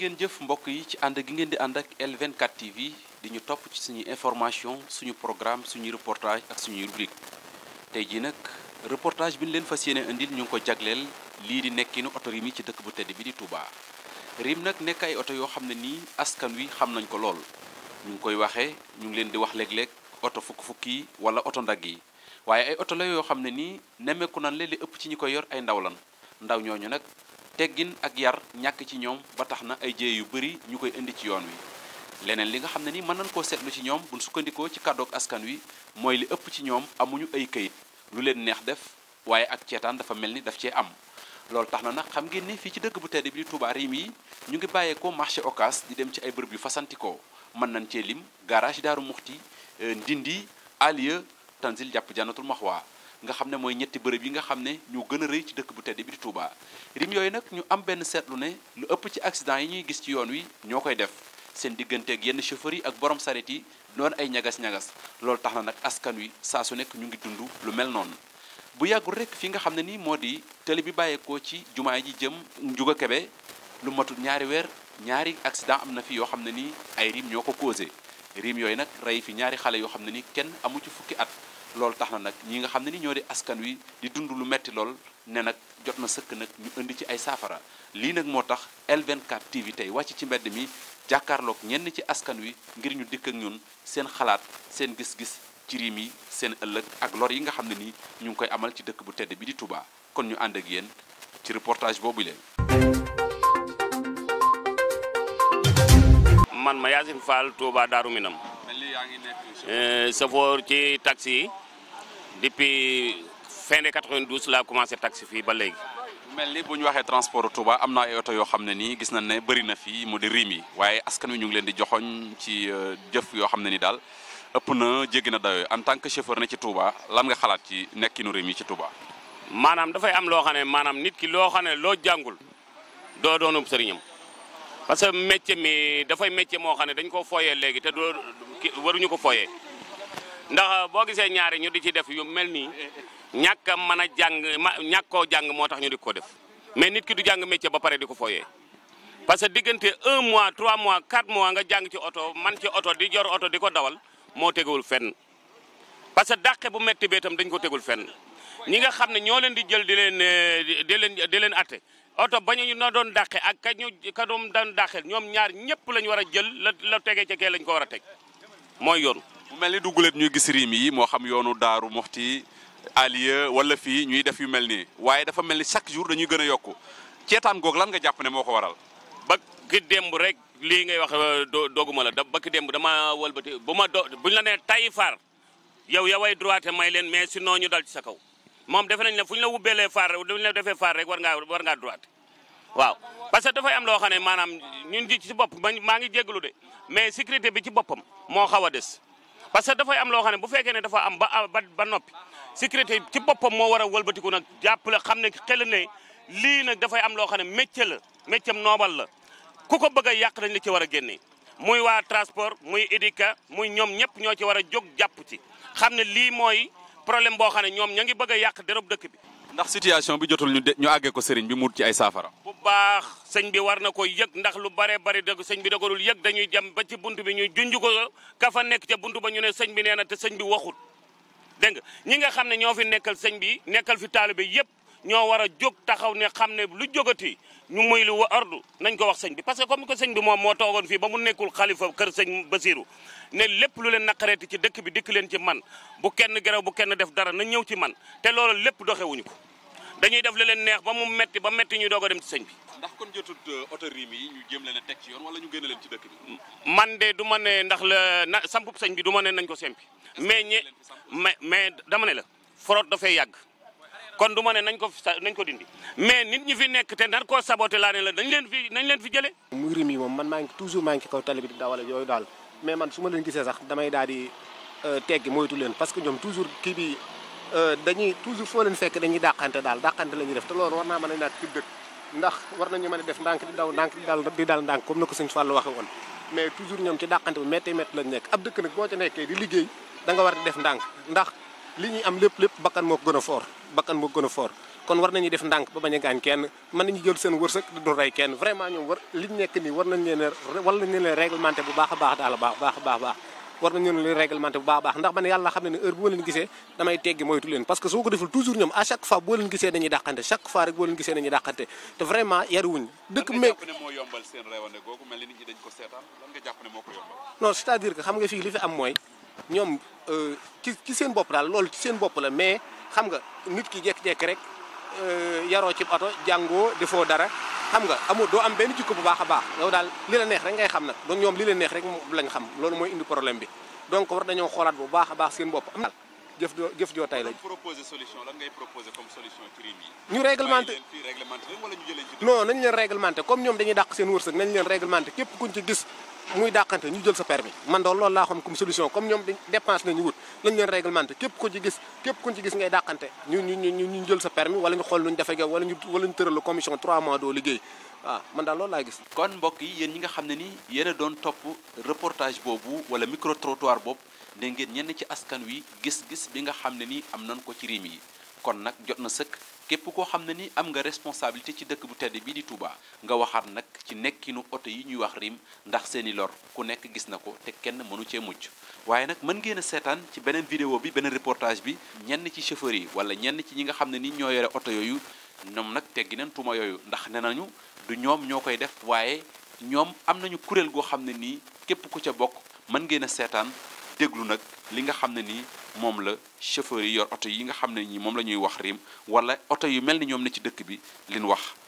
ngeen jëf mbokk yi ci ànd gi ngeen di ànd ak L24 TV di ñu topp ci suñu information suñu programme suñu reportage ak suñu rubrique tey jii nag reportage bi ñu leen fas yéene indil ñu ngi ko jagleel lii di nekkinu oto RIM yi ci dëkk bu tedd bi di Touba. RIM nag nekk ay oto yoo xam ne nii askan wi xam nañ ko lool ñu ngi koy waxee ñu ngi leen di wax léeg-léeg oto fukk-fukk yi wala oto ndag yi waaye ay oto la yoo xam ne nii nemmeeku nan leen li ëpp ci ñi koy yor ay ndaw lan ndaw ñooñu nag. teggin ak yar ñàkk ci ñoom ba tax na ay jéey yu bëri ñu koy indi ci yoon wi leneen li nga xam ne ni mën nañ koo seetlu ci ñoom buñ sukkandikoo ci kàddoog askan wi mooy li ëpp ci ñoom amuñu ay kayit lu leen neex def waaye ak ceetaan dafa mel ni daf cee am loolu tax na nag xam ngeen ni fii ci dëkk bu tedd bi di Touba Rim yi ñu ngi bàyyeekoo marché Ocass di dem ci ay bërëb yu fasantikoo mën nañ cee lim garage Daaru Muxti euh, Ndindi Alieu Tanzil jàpp Jannatul Maxwa nga xam ne mooy ñetti bërëb yi nga xam ne ñoo gën a rëy ci dëkk bu tedd bi di Touba rim yooyu nag ñu am benn seetlu ne lu ëpp ci accident yi ñuy gis ci yoon wi ñoo koy def seen digganteeg yenn chauffeur yi ak borom saret yi doon ay ñagas-ñagas loolu tax na nag askan wi saa su nekk ñu ngi dund lu mel noonu bu yàggul rek fii nga xam ne nii moo di télé bi bàyyeekoo ci jumaa ji jëm Ndiouga Kébé lu matul ñaari weer ñaari accident am na fi yoo xam ne nii ay rim ñoo ko causé rim yooyu nag rey fi ñaari xale yoo xam ne nii kenn amu ci fukki at loolu tax na nag ñi nga xam ne ni ñoo di askan wi di dund lu metti lool ne nag jot na sëkk nag ñu indi ci ay saafara lii nag moo tax L24 TV tey wàcc ci mbedd mi jàkkaarlook ñenn ci askan wi ngir ñu dikk ak ñun seen xalaat seen gis-gis ci riim yi seen ëllëg ak lor yi nga xam ne nii ñu ngi koy amal ci dëkk bu tedd bi di Touba kon ñu ànd ak yéen ci reportage boobu leen man ma Yacine Fall Touba Darou Minam chauffeur ci taxi yi depuis fin de 92 laa commencé taxi fii ba léegi. mel ni bu ñu waxee transport Touba am na ay oto yoo xam ne nii gis nañ ne bëri na fii mu di riim yi waaye askan wi ñu ngi leen di joxoñ ci euh, jëf yoo xam ne ni daal ëpp na jéggi na dayoo en tant que chauffeur ne ci Touba lan nga xalaat ci nekkinu riim yi ci Touba. maanaam dafay am loo maanaam nit ki loo xam ne loo jàngul doo doonub sëriñam parce que métier mi dafay métier moo xam ne dañ ko fooyee léegi te doo waruñu ko fooyee ndax boo gisee ñaari ñu di ci def yu mel nii ñàkk a mën a jàng ñàkk koo jàng moo tax ñu di ko def mais nit ki du jàng métier ba pare di ko fooyee parce que diggante un mois trois mois quatre mois nga jàng ci oto man ci oto di jor oto di ko dawal moo tegul fenn parce que dàqe bu métti bee itam dañ ko tegul fenn ñi nga xam ne ñoo leen di jël di leen eh, di leen di leen atte oto ba ñu na doon dàqe ak ka ñu ka doon daan dàqel ñoom ñaar ñëpp la ñu war a jël la la tegee ca kee la ñu ko war a teg mooy yoon. mu mel ni dugguleet ñuy gis riim yi moo xam yoonu daaru moxti aliya wala fii ñuy def yu mel nii waaye dafa mel ni chaque jour dañuy gën a yokku ceetaan goog nga jàpp ne moo ko waral. ba ki demb rek lii ngay wax euh, doguma la da ba ki démb dama wëlbati bu ma do buñ la nee tay faar yow ya way droite may leen mais sinon ñu dal ci sa kaw. moom defe nañ ne fu ñu la wubbeelee faar rek duñ la defee faar war ngaa war ngaa droite waaw parce que dafay am loo xam ne maanaam ñun ji ci bopp maa ngi jégalu de mais sécurité bi ci boppam moo xaw a des parce que dafay am loo xam ne bu fekkee ne dafa am ba ba ba noppi sécurité ci boppam moo war a wëlbatiku nag jàppale xam ne xel ne lii nag dafay am loo xam ne métier la métier noobal la ku ko bëgg a yàq dañ la ci war a génne muy waa transport muy édika muy ñoom ñëpp ñoo ci war a jog jàpp ci xam ne lii mooy problème boo xam ne ñoom ña ngi bëgg a yàq dërëb dëkk bi. ndax situation bi jotul ñu de ñu àggee ko sëriñ bi mu ci ay saafara. bu baax sëñ bi war na ko yëg ndax lu bare bari dëgg sëñ bi da ko dul yëg dañuy jëm ba ci bunt bi ñuy junj ko ka fa nekk ca bunt ba ñu ne sëñ bi nee na te sëñ bi waxut dégg nga ñi nga xam ne ñoo fi nekkal sëñ bi nekkal fi taalibe yépp ñoo war a jóg taxaw ne xam ne lu jógati ñu muy lu wa ardu nañ ko wax sëñ bi parce que comme ko sëñ bi moom moo toogoon fii ba mu nekkul xalifa kër sëñ Basiru ne lépp lu leen naqareeti ci dëkk bi dikk leen ci man bu kenn gerew bu kenn def dara nañ ñëw ci man te loolu lépp doxewuñu ko dañuy def li leen neex ba mu metti ba metti ñu doog a dem ci sëñ bi. ndax kon jotut autorités euh, yi ñu jéem leen ci yoon wala ñu génne man de du ma ne ndax la na sampub sëñ bi du ma nañ ko sempi mais ñe mais mais dama ne la forot dafay yàgg. kon du ma ne nañ ko nañ ko dindi mais nit ñi fi nekk te nar koo saboté laa ne la nañ leen fi nañ leen fi jëlee. muy rimi moom man maa ngi toujours maa ngi kaw tali bi di dawal yooyu daal ma leen gisee sax euh, leen parce que ñoom toujours kii bi euh, dañuy toujours foo leen fekk dañuy daal dàqante la ñuy def te loolu war na mën a naat ci dëkk ndax war nañu mën a def ndànk di daw ndànk di dal di na ko sëñ Fall waxee woon mais toujours ñoom ci dàqante bu méttee métti lañ nekk ab dëkk nag boo ca nekkee di liggéey da nga war di def ndànk ndax li ñuy am lépp lépp bakkan moo gën a foor a kon war nañuy def ndànk ba bañ a gaañ kenn jël seen wërsëg du rey kenn vraiment ñoom war nekk nii war nañ leen war bu baax a baax daal baax baax baax baax war nañ leen réglementé bu baax a baax ndax man yàlla xam ne ne heure bu leen gisee damay teggi moytu leen parce que soo ko deful toujours ñoom à chaque fois boo leen gisee dañuy dàqante chaque fois rek boo leen gisee dañuy dàqante te vraiment yaruwuñ dëkk meek ñoom euh, ci ci seen bopp daal loolu ci seen bopp la mais xam nga nit ki jekk-jekk rek euh, yaroo ci oto jàngoo defoo dara xam nga amul doo am benn jikko bu baax a baax yow daal li la neex rek ngay xam nag ñoom li la neex rek lañ xam loolu mooy indi problème bi donc war nañoo xoolaat bu baax a baax seen bopp am jëf joo jëf joo tay la proposer solution lan ngay proposer comme solution crime yi ñu réglementé wala ñu jëlee leen réglementé comme ñoom dañu dàq seen wërsëg nañ leen réglementé képp kuñ ci gis muy dàqante ñu jël sa permis man doon loolu laa xam comme solution comme ñoom dépense na ñu wut lañ leen réglementé képp ku ci gis képp ku ci gis ngay dàqante ñu ñu ñu jël sa permis wala ñu xool nuñ defee wala ñu wala ñu tëral commission 3 mois doo liggéey man daal loolu laa gis. kon mbokk yi yéen ñi nga xam ne ni yéen a doon topp reportage boobu wala micro boobu da ngeen ñenn ci askan wi gis-gis bi nga xam ne ni am nañ ko ci réew yi kon nag jot na sëkk képp koo xam ne ni am nga responsabilité ci dëkk bu tedd bii di Touba nga waxaat nag ci nekkinu oto yi ñuy wax RIM ndax seeni lor ku nekk gis na ko te kenn mënu cee mujj waaye nag mën ngeen a seetaan ci beneen vidéo bi beneen reportage bi ñenn ci chauffeur yi wala ñenn ci ñi nga xam ne ni ñoo yore oto yooyu ñoom nag teggi neen tuuma yooyu ndax ne nañu du ñoom ñoo koy def waaye ñoom am nañu kuréel goo xam ne nii képp ku ca bokk mën ngeen a seetaan déglu nag li nga xam ne nii moom la chauffeur yi yor oto yi nga xam ne nii moom la ñuy wax RIM wala oto yu mel ni ñoom ne ci dëkk bi liñ wax